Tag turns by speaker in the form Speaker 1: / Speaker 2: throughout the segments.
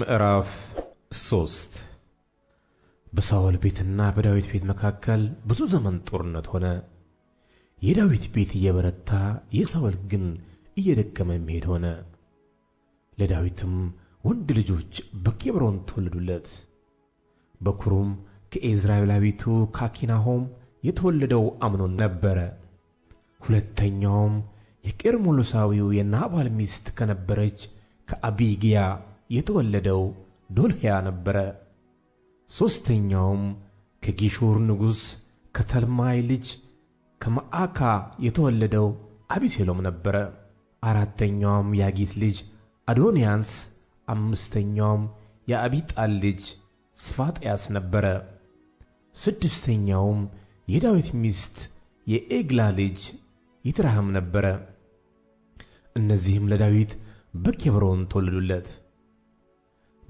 Speaker 1: ምዕራፍ 3 በሳኦል ቤትና በዳዊት ቤት መካከል ብዙ ዘመን ጦርነት ሆነ። የዳዊት ቤት እየበረታ የሳኦል ግን እየደከመ የሚሄድ ሆነ። ለዳዊትም ወንድ ልጆች በኬብሮን ተወለዱለት። በኩሩም ከኢይዝራኤላዊቱ ካኪናሆም የተወለደው አምኖን ነበረ። ሁለተኛውም የቀርሜሎሳዊው የናባል ሚስት ከነበረች ከአቢግያ የተወለደው ዶልሕያ ነበረ። ሦስተኛውም ከጊሹር ንጉሥ ከተልማይ ልጅ ከመዓካ የተወለደው አቢሴሎም ነበረ። አራተኛውም ያጊት ልጅ አዶንያንስ፣ አምስተኛውም የአቢጣል ልጅ ስፋጥያስ ነበረ። ስድስተኛውም የዳዊት ሚስት የኤግላ ልጅ ይትራህም ነበረ። እነዚህም ለዳዊት በኬብሮን ተወለዱለት።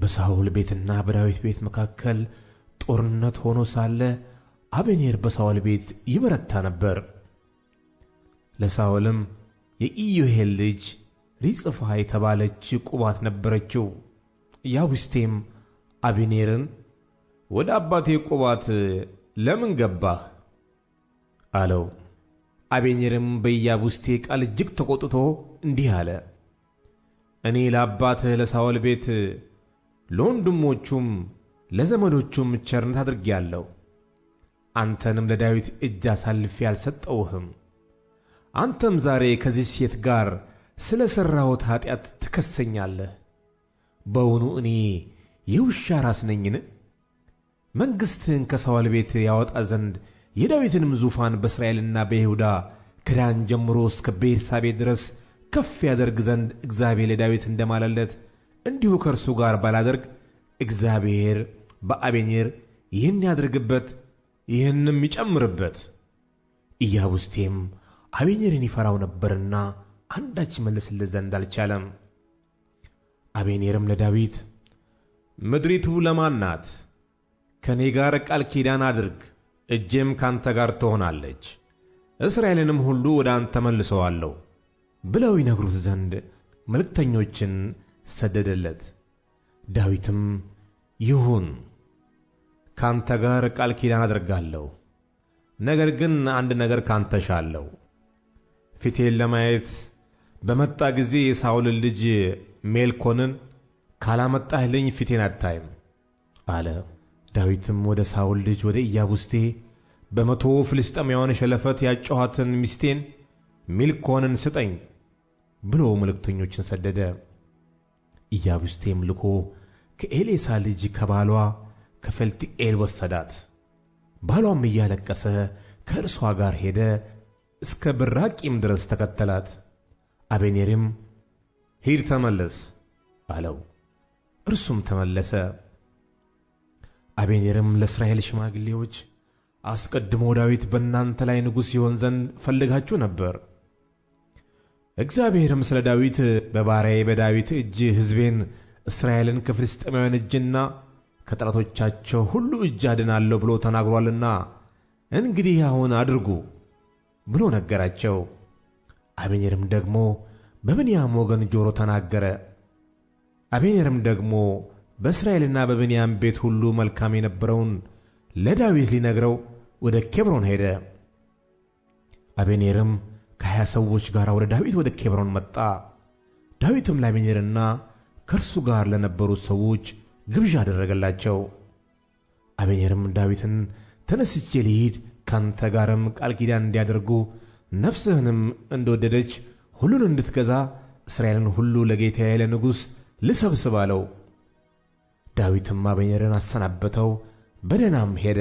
Speaker 1: በሳውል ቤትና በዳዊት ቤት መካከል ጦርነት ሆኖ ሳለ አበኔር በሳውል ቤት ይበረታ ነበር። ለሳውልም የኢዮሄል ልጅ ሪጽፋ የተባለች ቁባት ነበረችው። ያቡስቴም አበኔርን ወደ አባቴ ቁባት ለምን ገባህ?
Speaker 2: አለው። አበኔርም በኢያቡስቴ ቃል እጅግ ተቆጥቶ እንዲህ አለ፦ እኔ ለአባትህ ለሳውል ቤት ለወንድሞቹም ለዘመዶቹም ቸርነት አድርጌአለሁ። አንተንም ለዳዊት እጅ አሳልፌ አልሰጠውህም። አንተም ዛሬ ከዚህ ሴት ጋር ስለ ሠራሁት ኀጢአት ትከሰኛለህ። በውኑ እኔ የውሻ ራስ ነኝን? መንግሥትህን ከሳውል ቤት ያወጣ ዘንድ የዳዊትንም ዙፋን በእስራኤልና በይሁዳ ከዳን ጀምሮ እስከ ቤርሳቤ ድረስ ከፍ ያደርግ ዘንድ እግዚአብሔር ለዳዊት እንደማለለት እንዲሁ ከእርሱ ጋር ባላደርግ እግዚአብሔር በአበኔር ይህን ያድርግበት ይህንም ይጨምርበት። ኢያቡስቴም አቤኔርን ይፈራው ነበርና አንዳች ይመልስለት ዘንድ አልቻለም። አቤኔርም ለዳዊት ምድሪቱ ለማን ናት? ከእኔ ጋር ቃል ኪዳን አድርግ፣ እጄም ካንተ ጋር ትሆናለች፣ እስራኤልንም ሁሉ ወደ አንተ መልሰዋለሁ ብለው ይነግሩት ዘንድ መልእክተኞችን ሰደደለት። ዳዊትም ይሁን ካንተ ጋር ቃል ኪዳን አደርጋለሁ፣ ነገር ግን አንድ ነገር ካንተ ሻለሁ፣ ፊቴን ለማየት በመጣ ጊዜ የሳውልን ልጅ ሜልኮንን ካላመጣህልኝ ፊቴን አታይም አለ። ዳዊትም ወደ ሳውል ልጅ ወደ ኢያቡስቴ በመቶ ፍልስጥኤማውያን ሸለፈት ያጨኋትን ሚስቴን ሚልኮንን ስጠኝ ብሎ መልእክተኞችን ሰደደ። ኢያቡስቴም ልኮ ከኤሌሳ ልጅ ከባሏ ከፈልጢኤል ወሰዳት። ባሏም እያለቀሰ ከእርሷ ጋር ሄደ፣ እስከ ብራቂም ድረስ ተከተላት። አቤኔርም ሂድ ተመለስ አለው። እርሱም ተመለሰ። አቤኔርም ለእስራኤል ሽማግሌዎች አስቀድሞ ዳዊት በእናንተ ላይ ንጉሥ ይሆን ዘንድ ፈልጋችሁ ነበር እግዚአብሔርም ስለ ዳዊት በባሪያዬ በዳዊት እጅ ሕዝቤን እስራኤልን ከፍልስጥኤማውያን እጅና ከጠላቶቻቸው ሁሉ እጅ አድናለሁ ብሎ ተናግሯልና እንግዲህ አሁን አድርጉ ብሎ ነገራቸው። አቤኔርም ደግሞ በብንያም ወገን ጆሮ ተናገረ። አቤኔርም ደግሞ በእስራኤልና በብንያም ቤት ሁሉ መልካም የነበረውን ለዳዊት ሊነግረው ወደ ኬብሮን ሄደ። አቤኔርም ከሀያ ሰዎች ጋር ወደ ዳዊት ወደ ኬብሮን መጣ። ዳዊትም ለአበኔርና ከእርሱ ጋር ለነበሩት ሰዎች ግብዣ አደረገላቸው። አበኔርም ዳዊትን ተነስቼ ልሂድ፣ ካንተ ጋርም ቃል ኪዳን እንዲያደርጉ ነፍስህንም እንደወደደች ሁሉን እንድትገዛ እስራኤልን ሁሉ ለጌታዬ ለንጉሥ ልሰብስብ አለው። ዳዊትም አበኔርን አሰናበተው፣ በደህናም ሄደ።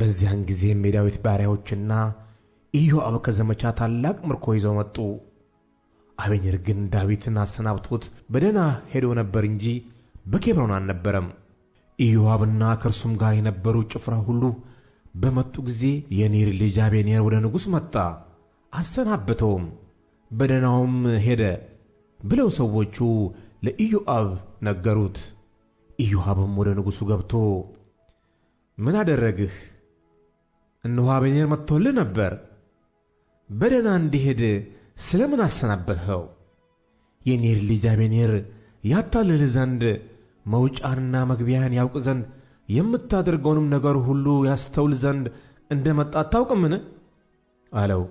Speaker 2: በዚያን ጊዜም የዳዊት ባሪያዎችና ኢዮአብ ከዘመቻ ታላቅ ምርኮ ይዘው መጡ። አበኔር ግን ዳዊትን አሰናብቶት በደህና ሄዶ ነበር እንጂ በኬብሮን አልነበረም። ኢዮአብና ከእርሱም ጋር የነበሩ ጭፍራ ሁሉ በመጡ ጊዜ የኔር ልጅ አበኔር ወደ ንጉሥ መጣ፣ አሰናበተውም፣ በደህናውም ሄደ ብለው ሰዎቹ ለኢዮአብ ነገሩት። ኢዮአብም ወደ ንጉሡ ገብቶ ምን አደረግህ? እነሆ አበኔር መጥቶልህ ነበር በደህና እንዲሄድ ስለ ምን አሰናበትኸው? የኔር ልጅ አቤኔር ያታልልህ ዘንድ መውጫንና መግቢያን ያውቅ ዘንድ የምታደርገውንም ነገር ሁሉ ያስተውል ዘንድ እንደ መጣ አታውቅምን? አለው።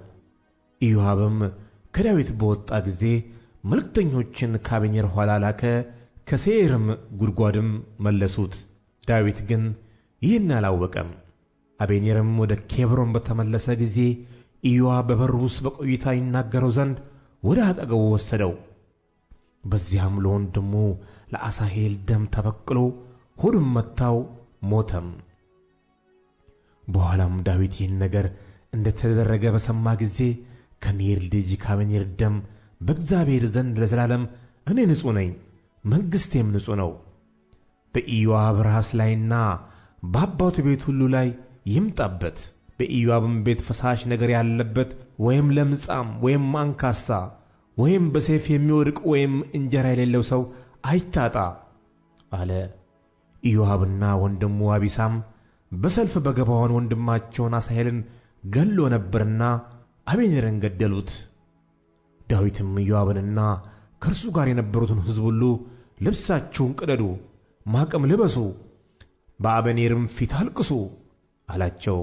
Speaker 2: ኢዮሃብም ከዳዊት በወጣ ጊዜ መልእክተኞችን ከአቤኔር ኋላ ላከ፣ ከሴርም ጉድጓድም መለሱት። ዳዊት ግን ይህን አላወቀም። አቤኔርም ወደ ኬብሮን በተመለሰ ጊዜ ኢዮዋ በበሩ ውስጥ በቆይታ ይናገረው ዘንድ ወደ አጠገቡ ወሰደው። በዚያም ለወንድሙ ለአሳሄል ደም ተበቅሎ ሆዱም መታው፣ ሞተም። በኋላም ዳዊት ይህን ነገር እንደተደረገ በሰማ ጊዜ ከኔር ልጅ ካበኔር ደም በእግዚአብሔር ዘንድ ለዘላለም እኔ ንጹሕ ነኝ፣ መንግሥቴም ንጹሕ ነው። በኢዮአብ ራስ ላይና በአባቱ ቤት ሁሉ ላይ ይምጣበት በኢዮአብም ቤት ፈሳሽ ነገር ያለበት ወይም ለምጻም ወይም አንካሳ ወይም በሰይፍ የሚወድቅ ወይም እንጀራ የሌለው ሰው አይታጣ አለ። ኢዮአብና ወንድሙ አቢሳም በሰልፍ በገባዖን ወንድማቸውን አሳሄልን ገሎ ነበርና አቤኔርን ገደሉት። ዳዊትም ኢዮአብንና ከእርሱ ጋር የነበሩትን ሕዝብ ሁሉ ልብሳችሁን ቅደዱ፣ ማቅም ልበሱ፣ በአበኔርም ፊት አልቅሱ አላቸው።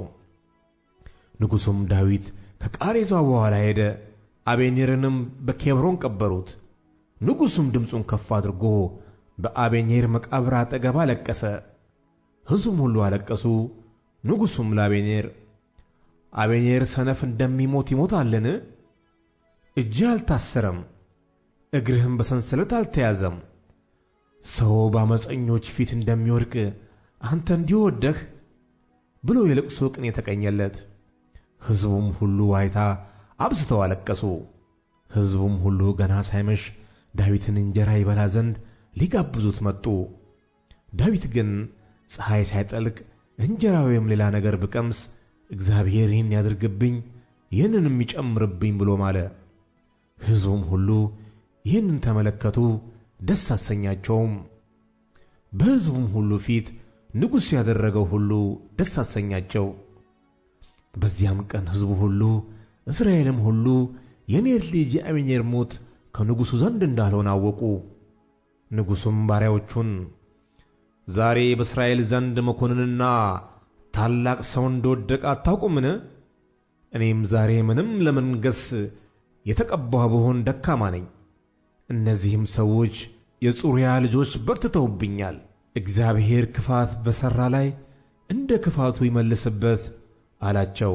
Speaker 2: ንጉሡም ዳዊት ከቃሬዛ በኋላ ሄደ፤ አበኔርንም በኬብሮን ቀበሩት። ንጉሡም ድምፁን ከፍ አድርጎ በአበኔር መቃብር አጠገብ አለቀሰ። ሕዝቡም ሁሉ አለቀሱ። ንጉሡም ለአቤኔር አቤኔር ሰነፍ እንደሚሞት ይሞታልን? እጅህ አልታሰረም፣ እግርህም በሰንሰለት አልተያዘም። ሰው በአመፀኞች ፊት እንደሚወድቅ አንተ እንዲወደህ ብሎ የልቅሶ ቅኔ ተቀኘለት። ሕዝቡም ሁሉ ዋይታ አብዝተው አለቀሱ። ሕዝቡም ሁሉ ገና ሳይመሽ ዳዊትን እንጀራ ይበላ ዘንድ ሊጋብዙት መጡ። ዳዊት ግን ፀሐይ ሳይጠልቅ እንጀራ ወይም ሌላ ነገር ብቀምስ እግዚአብሔር ይህን ያድርግብኝ ይህንንም ይጨምርብኝ ብሎ ማለ። ሕዝቡም ሁሉ ይህንን ተመለከቱ፣ ደስ አሰኛቸውም። በሕዝቡም ሁሉ ፊት ንጉሡ ያደረገው ሁሉ ደስ አሰኛቸው። በዚያም ቀን ሕዝቡ ሁሉ እስራኤልም ሁሉ የኔር ልጅ የአበኔር ሞት ከንጉሡ ዘንድ እንዳልሆነ አወቁ። ንጉሡም ባሪያዎቹን ዛሬ በእስራኤል ዘንድ መኮንንና ታላቅ ሰው እንደወደቀ አታውቁምን? እኔም ዛሬ ምንም ለመንገሥ የተቀባሁ ብሆን ደካማ ነኝ። እነዚህም ሰዎች የጽሩያ ልጆች በርትተውብኛል። እግዚአብሔር ክፋት በሠራ ላይ እንደ ክፋቱ ይመልስበት አላቸው።